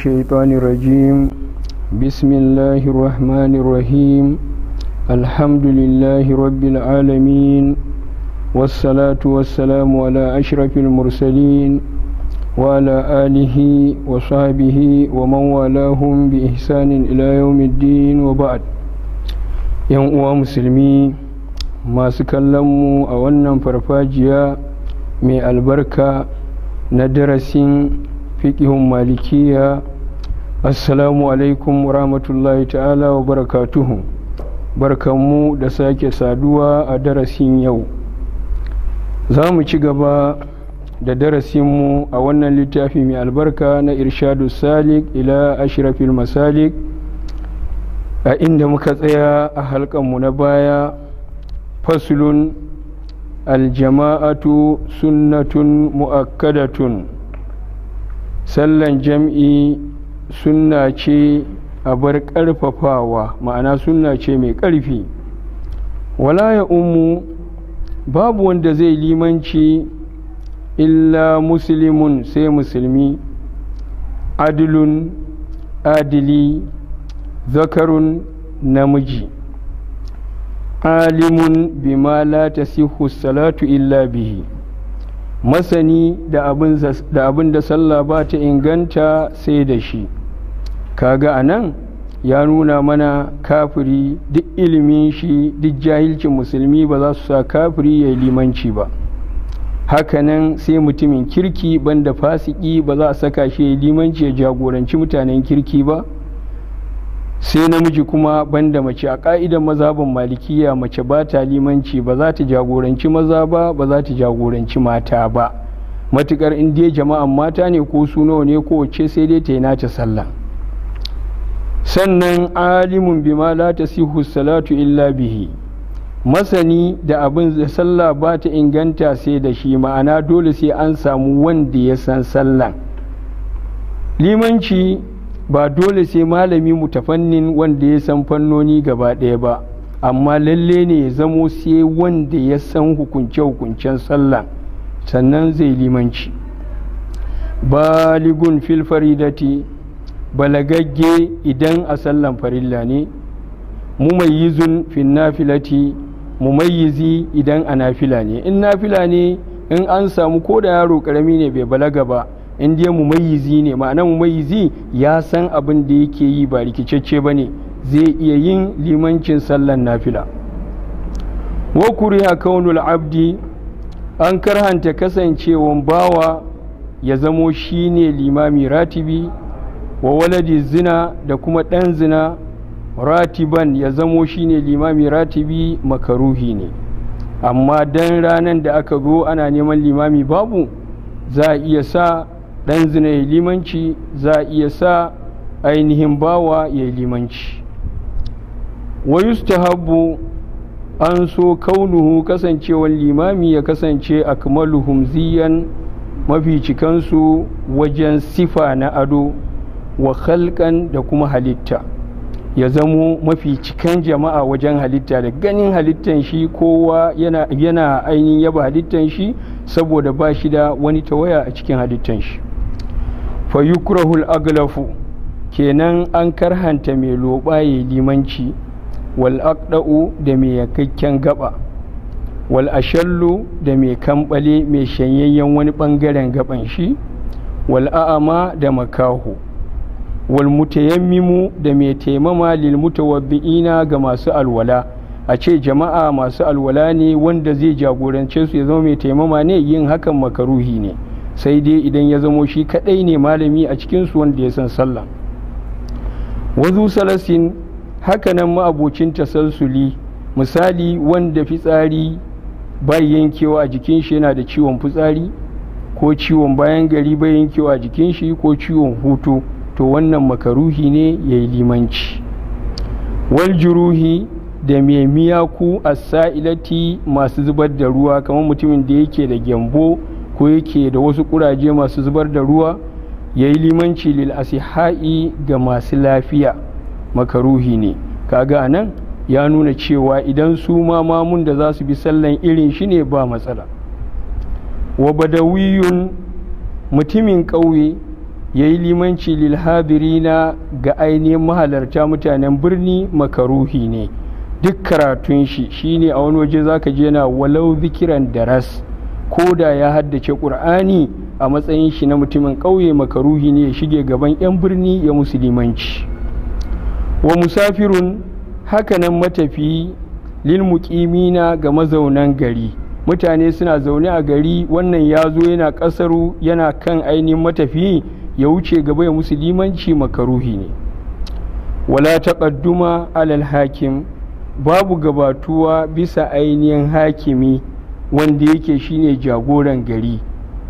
الشيطان الرجيم بسم الله الرحمن الرحيم الحمد لله رب العالمين والصلاة والسلام على أشرف المرسلين وعلى آله وصحبه ومن والاهم بإحسان إلى يوم الدين وبعد yan uwa musulmi masu kallonmu a wannan farfajiya mai albarka na darasin fiƙihun malikiya assalamu alaikum rahmatullahi ta'ala wa barakatuhu barkanmu da sake saduwa a darasin yau za mu ci gaba da darasinmu a wannan littafi mai albarka na irshadu salik ila ashirafil masalik a inda muka tsaya a halkanmu na baya fasulun aljama'atu sunnatun mu'akkadatun sallan jam'i sunna ce a bar ƙarfafawa ma'ana sunna ce mai ƙarfi wala ya umu babu wanda zai limanci illa musulmin sai musulmi adilun adili zakarun namiji alimun bima la tasihu salatu illa bihi masani da abin da sallah ba ta inganta sai da shi kaga a nan ya nuna mana kafiri duk ilimin shi duk jahilcin musulmi ba za su sa kafiri ya yi limanci ba hakanan sai mutumin kirki banda fasiki ba za a saka shi ya limanci ya jagoranci mutanen kirki ba sai namiji kuma banda mace a ƙa'idar mazaban malikiya mace ba ta limanci ba za ta jagoranci maza ba ba za ta jagoranci mata ba matukar indiya jama'an mata ne ko su nawa ne ko sai dai ta yi nata sallah sannan alimun bima la tasihu salatu illa bihi masani da abin sallah ba ta inganta sai da shi ma'ana dole sai an samu wanda ya san sallah limanci ba dole sai malami mutafannin wanda ya san fannoni gaba ɗaya ba amma lalle ne ya zamo sai wanda ya san hukunce-hukuncen sallah sannan zai limanci baligun fil faridati balagagge idan a sallan farilla ne mumayyizun fin nafilati mumayyizi idan a nafila ne in nafila ne in an samu ko da yaro karami ne bai balaga ba in dai mumayyizi ne ma'ana mumayyizi ya san abin da yake yi ba rikicecce ba ne zai iya yin limancin sallan nafila wa kuriha kaunul abdi an karhanta kasancewan bawa ya zamo shine limami ratibi wa waladi zina da kuma ɗan zina ratiban ya zamo shine limami ratibi makaruhi ne amma dan ranar da aka zo ana neman limami babu za a iya sa ɗan zina ya limanci za a iya sa ainihin bawa ya limanci wa habbu an so kaunuhu kasancewar limami ya kasance a ziyan mafi cikansu wajen sifa na ado wa khalqan da kuma halitta ya zamo mafi cikan jama'a wajen halitta da ganin halittan shi kowa yana, ainihin yaba halittan shi saboda ba shi da wani tawaya a cikin halittan shi fa yukrahul aglafu kenan an karhanta mai lobaye limanci wal aqda'u da mai yakakken gaba wal ashallu da mai kambale mai shanyayyen wani ɓangaren gaban shi wal a'ama da makaho wal mutayammimu da mai taimama lil mutawabbi'ina ga masu alwala a ce jama'a masu alwala ne wanda zai jagorance su ya zama mai taimama ne yin hakan makaruhi ne sai dai idan ya zamo shi kadai ne malami a cikin su wanda ya san sallah wazu salasin hakanan ma'abocin tasalsuli misali wanda fitsari bai yankewa a jikin shi yana da ciwon fitsari ko ciwon bayan gari bai yankewa a jikin shi ko ciwon hutu to wannan makaruhi ne ya yi limanci wal juruhi da mai miyaku a sa'ilati masu zubar da ruwa kamar mutumin da yake da gyambo ko yake da wasu kuraje masu zubar da ruwa ya yi limanci lil asihai ga masu lafiya makaruhi ne kaga nan ya nuna cewa idan su ma mamun da za su bi sallan irin shi ne ba matsala wa badawiyun mutumin ƙauye ya yi limanci lilhabirina ga ainihin mahalarta mutanen birni makaruhi ne duk karatun shi shine a wani waje zaka je na walau zikiran daras ko da ya haddace ƙur'ani a matsayin shi na mutumin ƙauye makaruhi ne ya shige gaban 'yan birni ya limanci wa musafirun hakanan matafi lil muqimina ga mazaunan gari mutane suna zaune a gari wannan ya zo yana ƙasaru yana kan ainihin matafi ya wuce gaba ya musu limanci makaruhi ne wala taqadduma alal hakim babu gabatuwa bisa ainihin hakimi wanda yake shine jagoran gari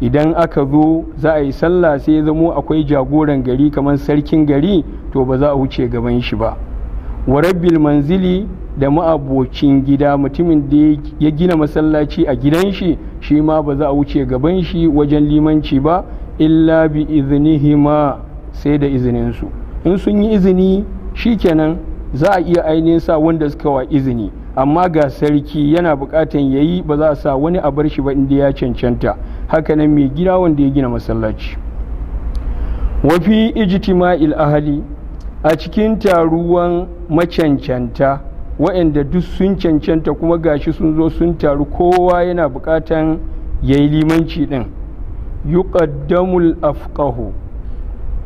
idan aka zo za a yi sallah sai ya zamo akwai jagoran gari kamar sarkin gari to ba za a wuce gaban shi ba wa rabbil manzili da ma'abocin gida mutumin da ya gina masallaci a gidan shi shi ma ba za a wuce gaban shi wajen limanci ba illa bi iznihima sai da su in sun yi izini shikenan za a iya ainihin sa wanda suka wa izini amma ga sarki yana bukatan ya yi ba za a sa wani a bar shi ba inda ya cancanta hakanan mai gida wanda ya gina masallaci wafi ijtima'il ahali a cikin taruwan macancanta waɗanda duk sun cancanta kuma gashi sun zo sun taru kowa yana bukatan ya yi limanci ɗin yuqaddamul afqahu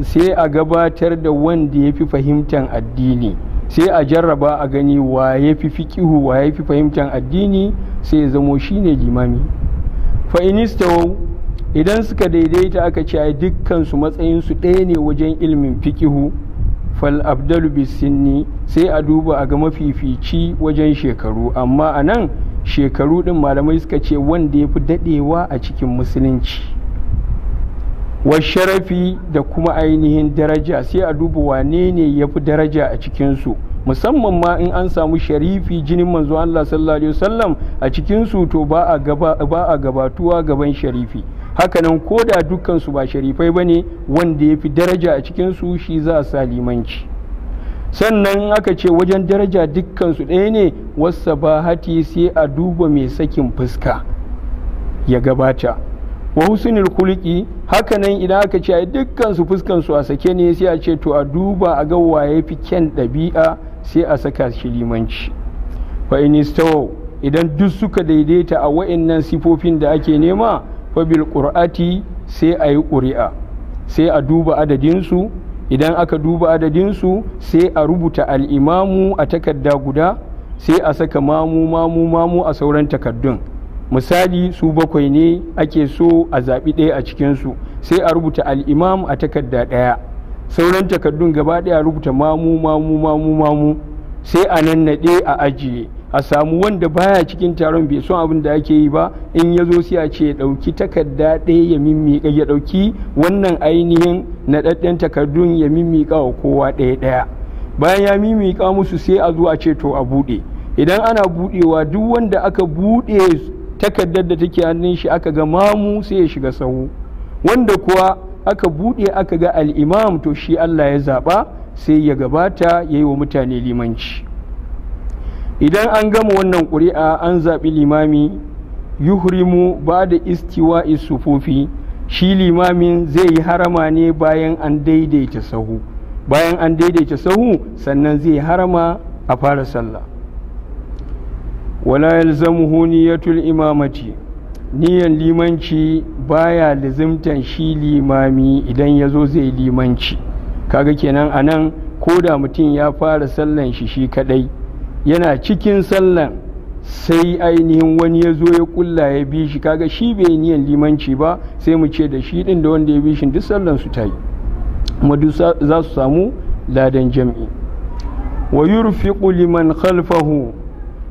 sai a gabatar da wanda ya fi fahimtar addini sai a jarraba a gani wa ya fi fiƙihu wa ya fi fahimtar addini sai ya zamo shine limami fa'inistawau idan suka daidaita aka ce a dukkansu matsayinsu ɗaya ne wajen ilmin fiqihu fal abdalu bisinni sai a duba a ga mafifici wajen shekaru amma a nan shekaru ɗin malamai suka ce wanda ya fi daɗewa a cikin musulunci wa sharafi da kuma ainihin daraja sai a duba wane ne ya fi daraja a cikinsu musamman ma in an samu sharifi jinin manzo Allah sallallahu alaihi wasallam a cikinsu to ba a gabatuwa gaban sharifi hakanan ko da dukkansu ba sharifai ba ne wanda ya fi daraja a cikinsu shi za a sa limanci sannan aka ce wajen daraja dukkansu ɗaya ne wasa ba hati sai a duba mai sakin fuska ya gabata wa husnul kulki hakanan idan aka ce dukkan su fuskan su a sake ne sai a ce to a duba a ga waye fi kyan ɗabi'a sai a saka shi limanci fa in idan duk suka daidaita a wa'annan sifofin da ake nema fa bil qur'ati sai a yi ƙuri'a sai a duba adadinsu idan aka duba adadinsu sai a rubuta al'imamu a takarda guda sai a saka mamu mamu mamu a sauran takardun misali su bakwai ne ake so a zaɓi ɗaya a cikinsu sai a rubuta al'imam a takarda ɗaya sauran takardun gaba ɗaya rubuta mamu mamu mamu mamu sai a nannaɗe a ajiye a samu wanda baya cikin taron bai son abin da ake yi ba in ya zo sai a ce ya ɗauki takarda ɗaya ya mimmiƙa ya ɗauki wannan ainihin naɗaɗɗen takardun ya mimmiƙa wa kowa ɗaya ɗaya bayan ya mimmiƙa musu sai a zo a ce to a buɗe idan ana buɗewa duk wanda aka buɗe takardar da take hannun shi aka ga mamu sai ya shiga sahu wanda kuwa aka buɗe aka ga al'imam to shi Allah ya zaɓa sai ya gabata ya yi wa mutane limanci idan an gama wannan ƙuri'a an zaɓi limami yuhrimu ba da istiwa sufufi shi limamin zai yi harama ne bayan an daidaita sahu bayan an daidaita sahu sannan zai harama a fara sallah wala yalzamuhu niyatul imamati niyan limanci baya lizimtan shi limami idan yazo zo zai limanci kaga kenan a nan ko da mutum ya fara sallan shi shi kadai yana cikin sallan sai ainihin wani yazo ya kulla ya bi shi kaga shi bai niyan limanci ba sai mu ce da shi din da wanda ya bi shi duk sallan su ta yi za su samu ladan jam'i wa yurfiqu liman khalfahu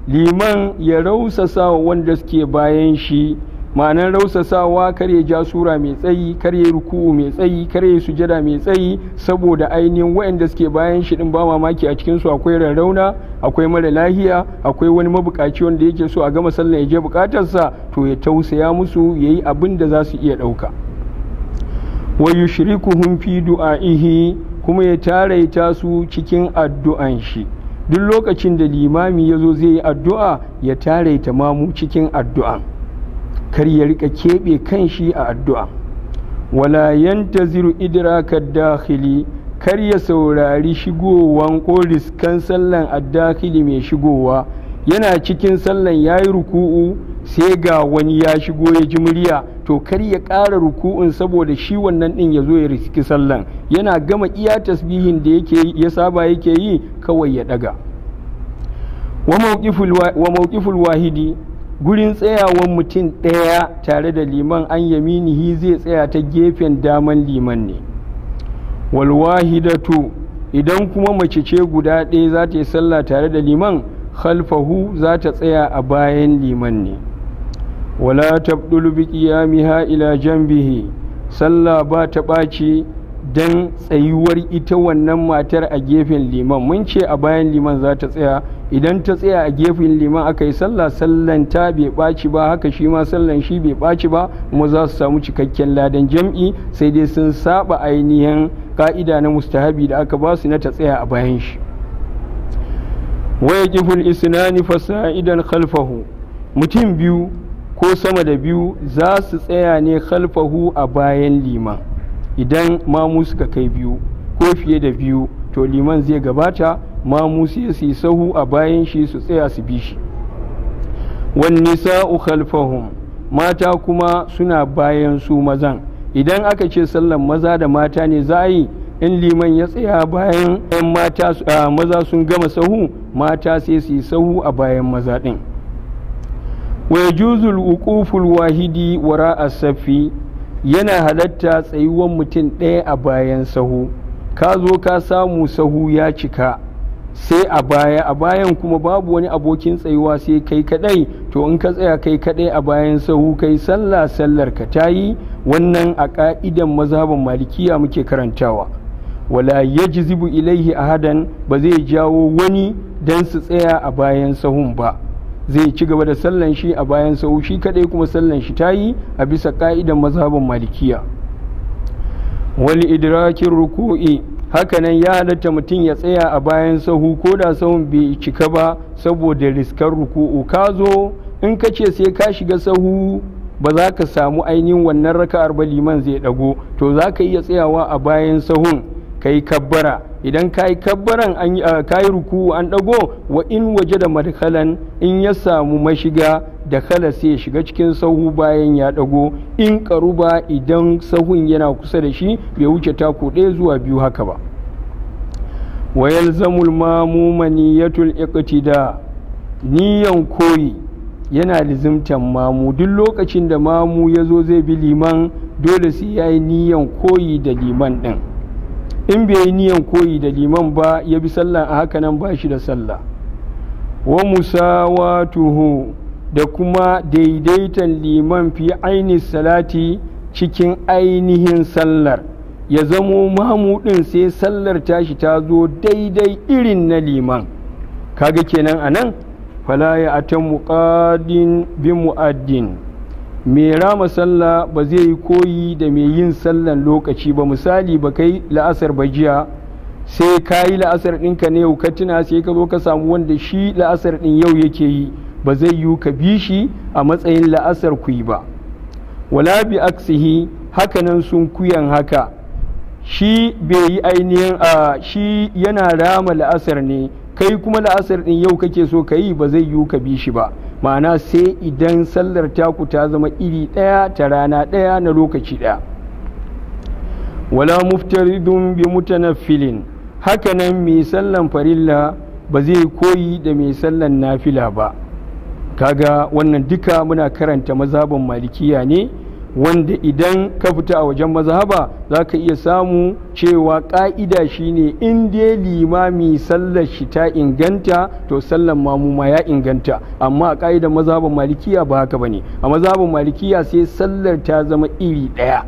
liman ya rausasa wanda suke bayan shi ma'anar rausasawa kar ya ja sura mai tsayi kar ya ruku'u mai tsayi kar ya sujada mai tsayi saboda ainihin waɗanda suke bayan shi din ba mamaki a cikinsu akwai rarrauna akwai mara lahiya akwai wani mabukaci wanda yake so a gama sallan ya je bukatarsa to ya tausaya musu ya yi abin da za su iya ɗauka wa yushrikuhum fi du'a'ihi kuma ya taraita su cikin addu'an shi duk lokacin da limami ya zo zai yi addu'a ya tare ta mamu cikin addu'a kar ya rika keɓe kan shi a addu'a wala yantaziru idrakar dakhili kar ya saurari shigowan ko riskan sallan addakili mai shigowa yana cikin sallan ya yi ruku'u sai ga wani ya shigo ya ji murya to kar ya ƙara ruku'un saboda shi wannan ɗin ya zo ya riski sallan yana gama iya tasbihin da yake ya saba yake yi kawai ya ɗaga wa mawqiful wahidi gurin tsayawan mutum ɗaya tare da liman an yaminihi zai tsaya ta gefen daman liman ne walwahidatu idan kuma mace ce guda ɗaya za ta yi sallah tare da liman khalfahu za ta tsaya a bayan liman ne wala تبدل بقيامها qiyamiha ila janbihi sallah ba ta ɓaci dan tsayuwar ita wannan matar a gefen liman mun ce a bayan liman za ta tsaya idan ta tsaya a gefen liman aka yi sallah sallan ta bai ɓaci ba haka shi ma sallan shi bai ɓaci ba kuma za su samu cikakken ladan jam'i sai dai sun saba ainihin ka'ida na mustahabi da aka ba su na ta tsaya a bayan shi waya kifin isnani idan khalfahu mutum biyu ko sama da biyu za su tsaya ne khalfahu a bayan liman idan mamu suka kai biyu ko fiye da biyu to liman zai gabata mamu sai su yi sahu a bayan shi su tsaya su bi shi wan nisa'u khalfahum mata kuma suna bayan su mazan idan aka ce sallan maza da mata ne za a yi in liman ya tsaya bayan maza sun gama sahu mata sai su yi sahu a bayan maza ɗin. ويجوز الوقوف الواحد وراء wara ينا saffi yana halatta tsayuwan mutum ɗaya a bayan sahu ka zo ka samu sahu ya cika sai a baya a bayan kuma babu wani abokin tsayuwa sai kai kadai to in ka tsaya kai kadai a bayan sahu kai sallah sallar ka tayi wannan a ka'idan mazhabin malikiya muke karantawa wala yajzibu ilaihi ahadan ba zai jawo wani dan su tsaya a bayan sahun ba zai ci gaba da sallan shi a bayan sau shi kadai kuma sallan shi ta yi a bisa ka'idan mazhabin malikiya wani idrakin ruku'i hakanan ya halatta mutum ya tsaya a bayan sahu ko da sahun bai cika ba saboda riskar ruku'u ka zo in ka ce sai ka shiga sahu ba za ka samu ainihin wannan raka'ar ba liman zai dago to za ka iya tsayawa a bayan sahun ka yi kabbara idan ka yi kabbaran ah, ka yi ruku an ɗago wa in waje da madkalan in ya samu mashiga da kala sai ya shiga cikin sahu bayan ya ɗago in karuba idan sahun yana kusa da shi bai wuce tako ɗaya zuwa biyu haka ba wa yalzamul mamuma niyyatul iqtida niyan koyi yana lizimtan mamu duk lokacin da mamu ya zo zai bi liman dole sai ya yi niyan koyi da liman ɗin in bai yi niyan koyi da liman ba ya bi sallah a haka nan ba shi da sallah wa musawatuhu da kuma daidaitan liman fi aini salati cikin ainihin sallar ya zamo mamudin sai sallar tashi ta zo daidai irin na liman kaga kenan anan? nan fala ya atan muqadin bi mu'addin mai rama sallah ba zai yi koyi da mai yin sallan lokaci ba misali ba kai la'asar ba jiya sai ka yi la'asar ɗinka ne yau ka tuna sai ka zo ka samu wanda shi la'asar ɗin yau yake yi ba zai yi ka bi shi a matsayin la'asar ku yi ba wala bi aksihi hakanan sun kuyan haka shi bai yi ainihin a shi yana rama la'asar ne kai kuma la'asar ɗin yau kake so ka yi ba zai yi ka bi shi ba ma'ana sai idan sallar taku ta zama iri ɗaya ta rana ɗaya na lokaci ɗaya wala muftaridun bi mutanaffilin hakanan mai sallan farilla ba zai koyi da mai sallan nafila ba kaga wannan duka muna karanta mazaban malikiya ne wanda idan ka fita a wajen mazhaba za ka iya samu cewa ƙa'ida shine in dai limami sallar shi ta inganta to sallar mamu ma ya inganta amma a ƙa'idar mazhaban malikiya ba haka bane a mazhaban malikiya sai sallar ta zama iri ɗaya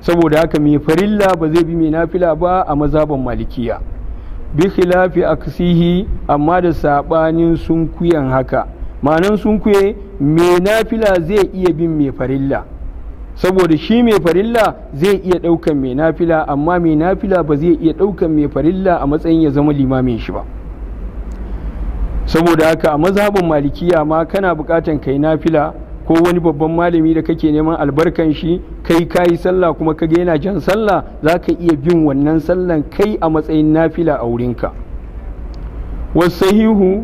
saboda haka mai farilla ba zai bi mai nafila ba a mazhaban malikiya bi khilafi aksihi amma da sabanin sunkuyan haka ma'anan sunkuye mai nafila zai iya bin mai farilla saboda shi mai farilla zai iya ɗaukan mai nafila amma mai nafila ba zai iya ɗaukan mai farilla a matsayin ya zama limamin shi ba saboda haka a mazhabin malikiya ma kana bukatan kai nafila ko wani babban malami da kake neman albarkan shi kai kayi sallah kuma ka ga yana jan sallah za ka iya bin wannan sallan kai a matsayin nafila a wurinka wasu sahihu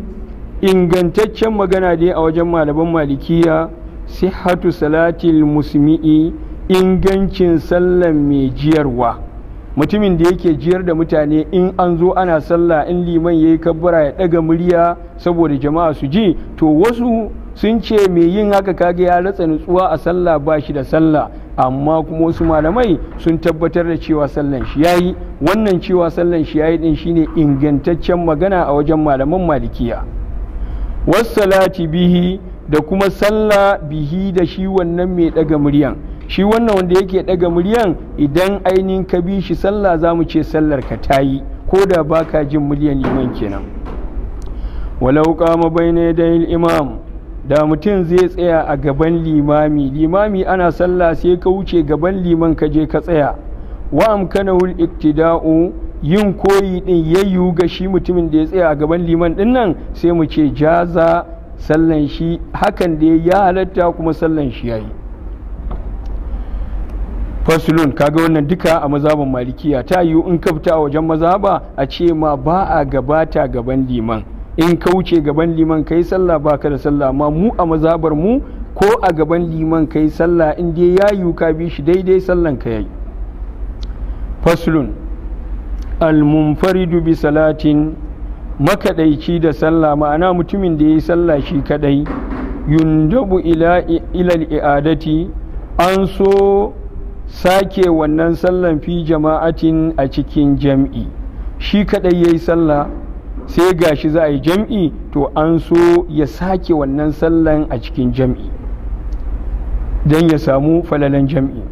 ingantaccen magana dai a wajen malaman malikiya Sihatu salatil musmi'i ingancin sallan mai jiyarwa mutumin da yake jiyar da mutane in an zo ana sallah in liman ya yi kabbara ya ɗaga murya saboda jama'a su ji to wasu sun ce mai yin haka kaga ya ratsa nutsuwa a sallah ba shi da sallah amma kuma wasu malamai sun tabbatar da cewa sallan shi yayi wannan cewa sallan shi yayi din shine ingantaccen magana a wajen malaman malikiya salati bihi da kuma sallah bihi da shi wannan mai daga muryan shi wannan wanda yake daga muryan idan ainihin ka bi shi sallah za mu ce sallar ka ta yi ko da ba ka jin muryan liman kenan walau kama bai na imam da mutum zai tsaya a gaban limami limami ana sallah sai ka wuce gaban liman ka je ka tsaya wa amkanahul iktida'u yin koyi din yayyu ga shi mutumin da ya tsaya a gaban liman din nan sai mu ce jaza sallan shi hakan da ya halatta kuma sallan shi ya yi. fasulun kaga wannan duka a mazhaban malikiya ta yiwu in ka fita wajen mazhaba a ce ma ba a gabata gaban liman in ka wuce gaban liman kai sallah ba ka da sallah amma mu a mazabar mu ko a gaban liman kai sallah in dai ya yi ka bi shi daidai sallan ka yi. fasulun al-munfaridu bi salatin makaɗaici da sallah ma'ana mutumin da ya yi sallah shi kaɗai yundabu ilal i'adati an so sake wannan sallan fi jama'atin a cikin jam'i shi kaɗai ya yi sallah sai gashi za a yi jam'i to an so ya sake wannan sallan a cikin jam'i don ya samu falalan jam'i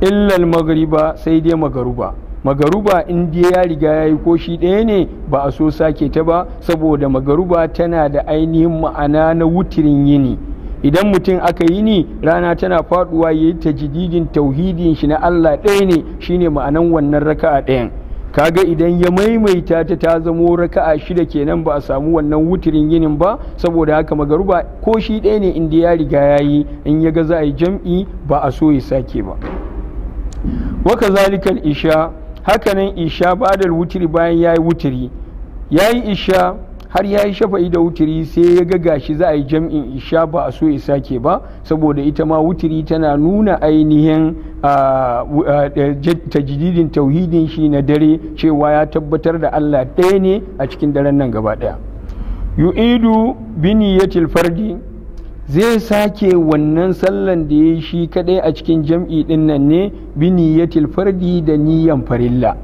illal magariba sai dai magaruba magaruba in ya riga ya yi ko shi ɗaya ne ba a so sake ta ba saboda magaruba tana da ainihin ma'ana na wutirin yini idan mutum aka yi ni rana tana faduwa ya yi ta jididin tauhidin shi na Allah ɗaya ne shine ma'anan wannan raka'a ɗayan kaga idan ya maimaita ta ta zamo raka'a shida kenan ba a samu wannan wutirin yinin ba saboda haka magaruba ko shi ɗaya ne inda ya riga ya yi in ya ga za a yi jam'i ba a so ya sake ba waka isha hakanan isha badal wutiri bayan ya yayi wutiri yi isha har ya yi shafa'i da wutiri sai ya ga gashi za a yi jam'in isha ba a so ya sake ba saboda ita ma wutiri tana nuna ainihin tajididin tauhidin shi na dare cewa ya tabbatar da Allah ɗaya ne a cikin daren nan gaba ɗaya yu'idu bi niyyatil fardi zai sake wannan sallan da ya shi kadai a cikin jam'i din nan ne bi niyyatil fardi da niyyan farilla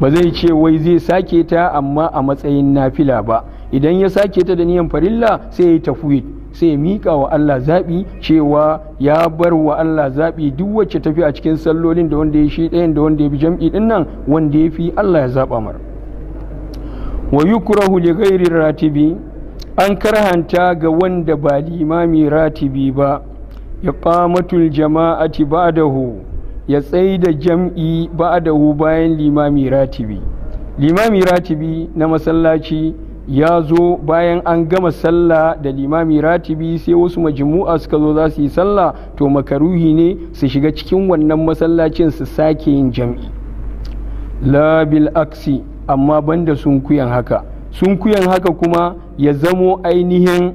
ba zai ce wai zai sake ta amma a matsayin nafila ba idan ya sake ta da niyyan farilla sai ya tafwid sai mika miƙa wa Allah zabi cewa ya bar wa Allah zabi duk wacce tafi a cikin sallolin da wanda ya shi ɗayan da wanda ya bi jam'i din nan wanda ya fi Allah ya zaɓa mar wa yukrahu li ghairi ratibi an karhanta ga wanda ba limami ratibi ba ya ƙamatul jama'ati ba'dahu ya tsaye da jam'i ba'dahu bayan limami ratibi limami ratibi na masallaci ya zo bayan an gama sallah da limami ratibi sai wasu majmu'a suka zo za su yi sallah to makaruhi ne su shiga cikin wannan masallacin su sake yin jam'i Labil bil aksi amma banda sun kuyan haka sun kuyan haka kuma ya zamo ainihin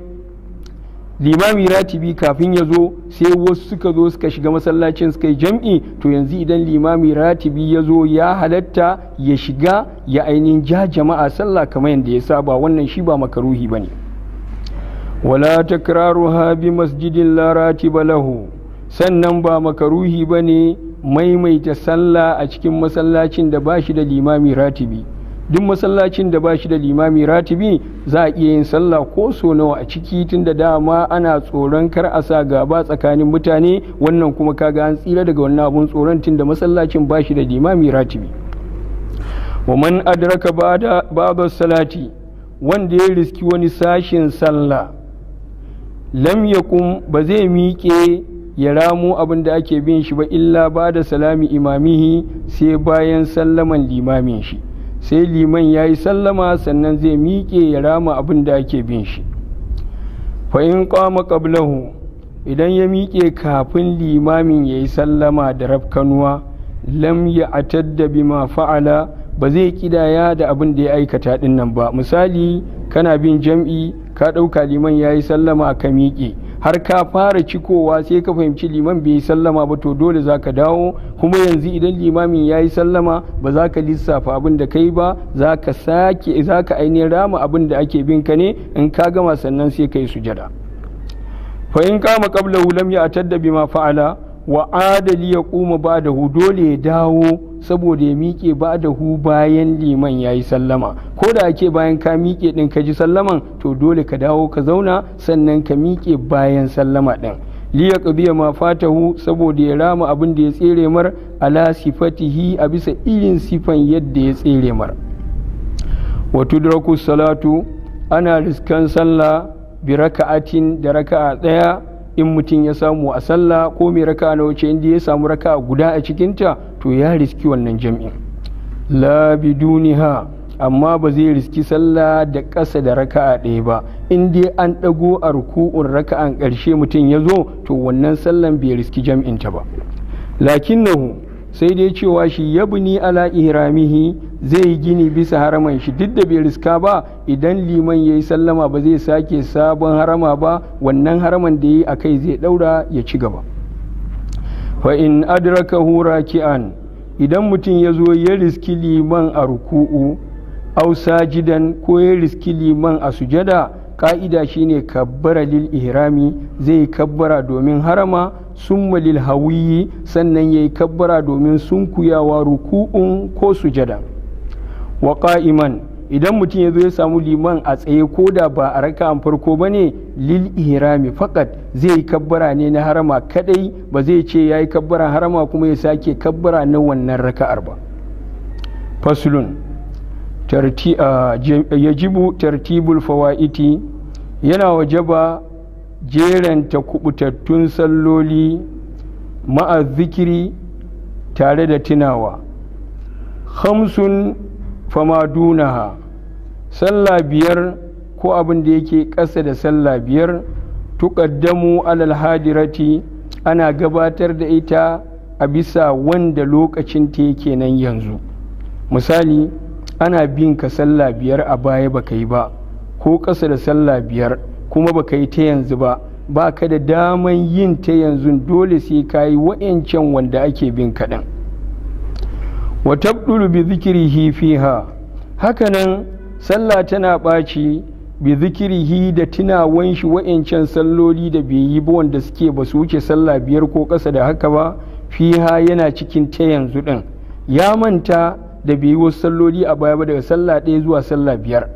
limami ratibi kafin ya zo sai wasu suka zo suka shiga masallacin suka yi jam'i to yanzu idan limami ratibi ya zo ya halatta ya shiga ya ainihin ja jama'a sallah kamar yadda ya saba wannan shi ba makaruhi ba ne wala ha bi masjidin la ratiba lahu sannan ba makaruhi ba ne maimaita sallah a cikin masallacin da ba shi da limami ratibi duk masallacin da ba shi da limami ratibi za a iya yin sallah ko so nawa a ciki tun da dama ana tsoron kar a sa gaba tsakanin mutane wannan kuma kaga an tsira daga wannan abun tsoron tun da masallacin ba shi da limami ratibi waman adraka babar salati wanda ya riski wani sashin sallah lam yakum ba zai miƙe ya ramo abin da ake bin shi ba illa ba da salami imamihi sai bayan sallaman limamin shi sai liman ya yi sallama sannan zai miƙe ya rama abin da ake bin shi fa'in kwama ƙablahu idan ya miƙe kafin limamin ya yi sallama da rafkanuwa lam ya atadda bima fa'ala ba zai kidaya da abin da ya aikata ɗin nan ba misali kana bin jam'i ka ɗauka liman ya yi sallama ka miƙe har ka fara cikowa sai ka fahimci liman bai yi sallama ba to dole za ka dawo kuma yanzu idan limamin ya yi sallama ba za ka lissafa abin da kai ba za ka sake za ka ainihin rama abin da ake bin ka ne in ka gama sannan sai ka yi sujada fa in kama qablahu lam ya'tadda bima fa'ala wa adali ya kuma ba da hu dole ya dawo saboda ya miƙe ba da hu bayan liman ya yi sallama ko da ake bayan ka miƙe ɗin ka ji sallaman to dole ka dawo ka zauna sannan ka miƙe bayan sallama ɗin liya ƙabiya ma hu saboda ya rama abin da ya tsere mar ala sifatihi a bisa irin sifan yadda ya tsere mar wa salatu ana riskan sallah bi raka'atin da raka'a ɗaya in mutum ya samu a sallah ko mai raka na wace inda ya samu raka guda a cikinta to ya riski wannan jam'in la biduniha amma ba zai riski sallah da ƙasa da raka'a ɗaya ba in dai an ɗago a ruku'un raka'an ƙarshe mutum ya zo to wannan sallan bai riski ta ba lakinnahu sai dai cewa shi ya buni ala ihramihi zai yi gini bisa haraman shi duk da bai riska ba idan liman ya yi sallama ba zai sake sabon harama ba wannan haraman da ya yi a kai zai daura ya ci gaba fa in adrakahu raki'an idan mutum ya zo ya riski liman a ruku'u aw sajidan ko ya riski liman a sujada ka'ida shine kabbara lil ihrami zai kabbara domin harama summa malil hawiyi sannan yi kabbara domin sunkuyawa ruku'un ko sujada wa iman idan mutum ya zo ya samu liman a tsaye ko da ba a raka'an farko ba ne lil ihrami fakat zai yi kabbara ne na harama kadai ba zai ce ya yi kabbara harama kuma ya sake kabbara na wannan raka'ar ba faslun ah, yajibu tartibul fawa'iti yana wajaba jeranta kubutattun salloli ma'a tare da tunawa hamsun famadunaha sallah biyar ko abin da yake ƙasa da sallah biyar tuƙaddamu alal hadirati ana gabatar da ita a bisa wanda lokacin ta yake nan yanzu misali ana bin ka sallah biyar a baya baka yi ba ko ƙasa da sallah biyar kuma baka yi ta yanzu ba ba ka da daman yin ta yanzu dole sai ka yi wa'yancan wanda ake bin kaɗan wa tabdulu bi zikirihi fiha hakanan sallah tana ɓaci bi zikirihi da tunawan shi wa'yancan salloli da bai yi ba wanda suke ba su wuce sallah biyar ko ƙasa da haka ba fiha yana cikin ta yanzu ɗin ya manta da bai yi wasu salloli a baya ba daga sallah ɗaya zuwa sallah biyar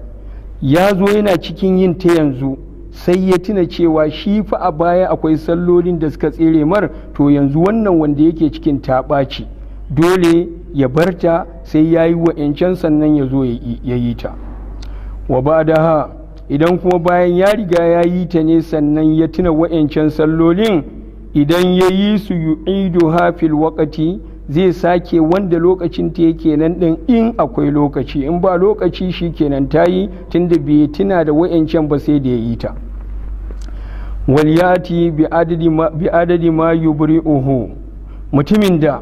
ya zo yana cikin yin ta yanzu sai ya tuna cewa shi fa a baya akwai sallolin da suka tsere mar to yanzu wannan wanda yake cikin taɓaci dole ya barta sai ya yi wa'yancan sannan ya zo ya yi ta wa ba da ha idan kuma bayan ya riga ya yi ta ne sannan ya tuna wa'yancan sallolin idan ya yi su ido hafil wakati zai sake wanda lokacin ta yake nan ɗin in akwai lokaci in ba lokaci shi kenan ta yi tunda bai tuna da wa'yancan ba sai da ya yi ta waliyati bi adadi ma yubri'uhu mutumin da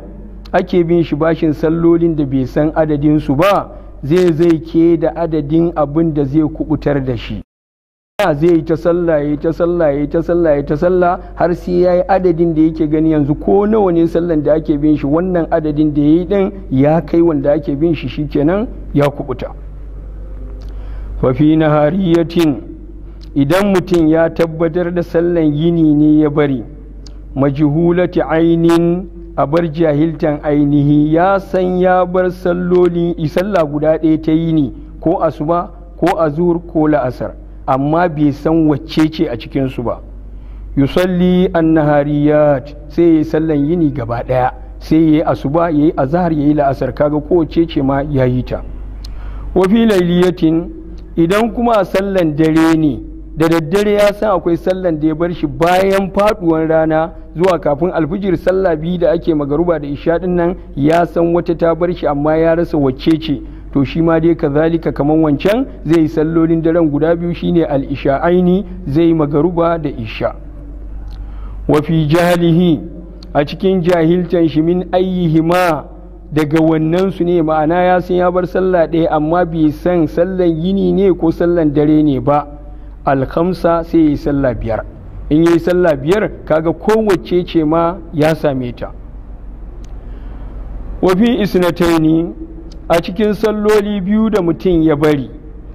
ake bin shi bashin sallolin da bai san adadinsu ba zai zai ke da adadin abin da zai kubutar da shi zai yi ta sallaye ta sallaye ta sallaye ta sallah har sai ya yi adadin da yake gani yanzu ko nawa ne sallan da ake bin shi wannan adadin da ya yi din ya kai wanda ake bin shi shikenan ya kubuta fafi na hariyatin idan mutum ya tabbatar da sallan yini ne ya bari majihulati ainihin a bar jahiltan ainihi ya san ya bar salloli isalla guda ɗaya ta yini ko asuba ko azur ko la'asar amma bai san wacce ce a cikinsu ba yusalli annahariyat sai ya yi sallan yini gaba ɗaya sai ya yi asuba ya yi azahar ya yi la'asar kaga ko ce ma ya yi ta wafi idan kuma a sallan dare ne da daddare ya san akwai sallan da ya bar shi bayan faduwan rana zuwa kafin alfijir sallah biyu da ake magaruba da isha din nan ya san wata ta bar shi amma ya rasa wacce ce to shi ma dai kazalika kaman wancan zai yi sallolin daren guda biyu shine al-isha aini zai magaruba da isha wa fi jahilihi a cikin jahiltan shi min ayyihima daga wannan su ne ma'ana ya san ya bar sallah ɗaya amma bai san sallan yini ne ko sallan dare ne ba alkamsa sai ya yi sallah biyar in yi sallah biyar kaga kowace ce ma ya same ta wafi isnataini a cikin salloli biyu da mutum ya bari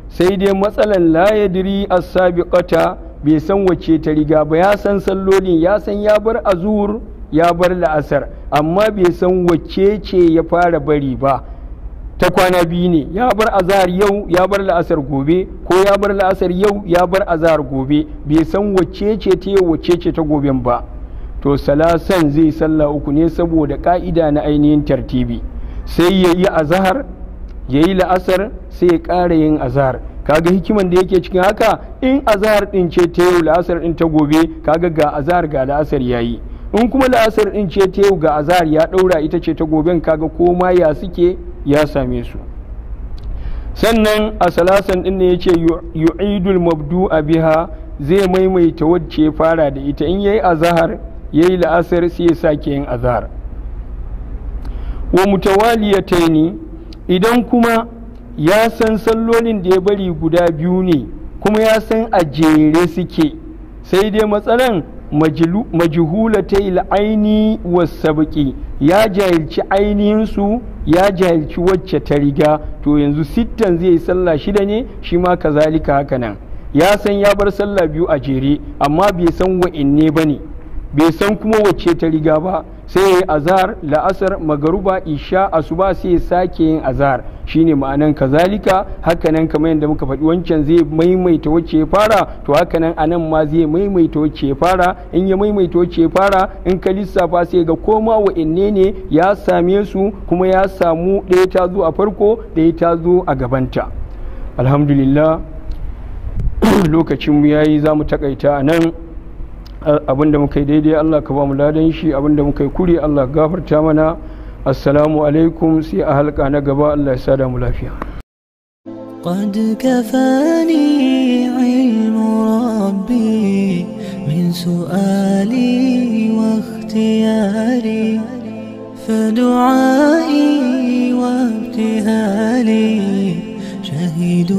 sai dai matsalan layadiri a sabiƙata bai san wace ta riga ba ya san sallolin ya san ya bar azur ya bar la'asar amma bai san wace ce ya fara bari ba ta kwana biyu ne ya bar azahar yau ya bar la'asar gobe ko ya bar la'asar yau ya bar azahar gobe bai san wacce ce ta yau wacce ce ta goben ba to salasan zai sallah uku ne saboda ka'ida na ainihin tartibi sai ya yi azahar ya yi la'asar sai ya ƙara yin azahar kaga hikiman da yake cikin haka in azahar din ce ta yau la'asar din ta gobe kaga ga azahar ga la'asar ya yi? in kuma la'asar din ce ta yau ga azahar ya ɗaura ita ce ta goben kaga koma ya suke ya same su sannan a salasan din ne yace yu'idul mabdu biha zai maimaita wacce fara da ita in yayi azhar yayi la'asar sai ya sake yin azhar wa mutawaliyataini idan kuma ya san sallolin da ya bari guda biyu ne kuma ya san a jere suke sai dai matsalan majhulatai aini wasabqi ya jahilci ainihinsu ya jahilci wacce ta riga to yanzu sittan zai yi sallah shida ne shi ma kazalika haka nan ya san ya bar sallah biyu a jere amma bai san wa'in ne ba ne bai san kuma wacce ta riga ba sai ya yi azhar la'asar magaruba isha asuba sai ya sake yin shi shine ma'anan kazalika hakanan kamar yadda muka faɗi wancan zai maimaita wacce ya fara to hakanan anan ma zai maimaita wacce ya fara in ya maimaita wacce ya fara in ka lissafa sai ga koma inne ne ya same su kuma ya samu ɗaya ta zo a farko ɗaya ta zo a gabanta alhamdulillah lokacin mu yayi za mu takaita nan abinda muka yi daidai Allah ka ba mu ladan shi abinda muka yi kuri Allah gafarta mana assalamu alaikum sai a halka na gaba Allah ya sada mu lafiya قد كفاني علم ربي من سؤالي واختياري فدعائي وابتهالي شهيد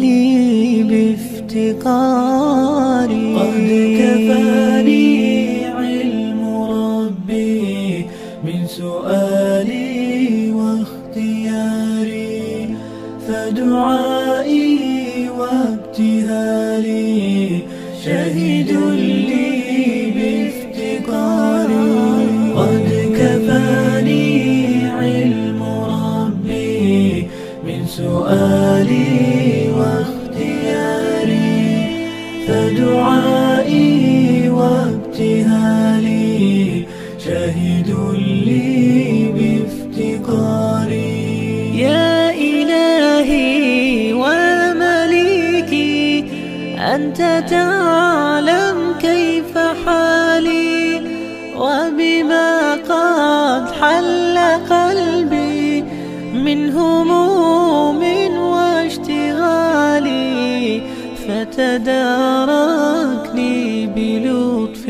لي بفعالي افتقاري قد كفاني علم ربي من سؤالي واختياري فدعائي وابتهالي شهد لي بافتقاري قد كفاني علم ربي من سؤالي واختياري فدعائي وابتهالي شهد لي بافتقاري يا إلهي ومليكي أنت تعالى تداركني بلطف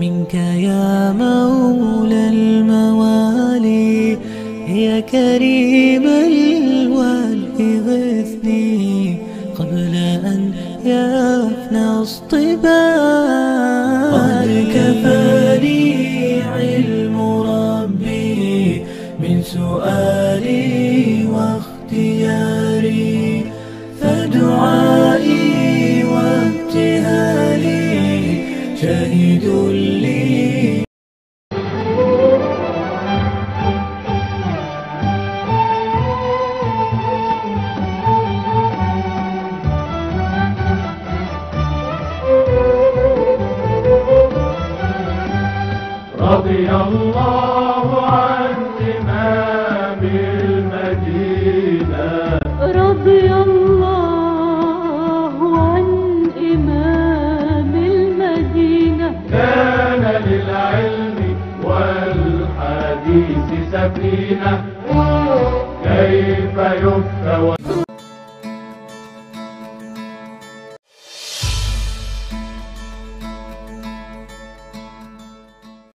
منك يا مولى الموالي يا كريم الوالي غثني قبل أن يفنى اصطباك قد كفاني علم ربي من سؤالي واختياري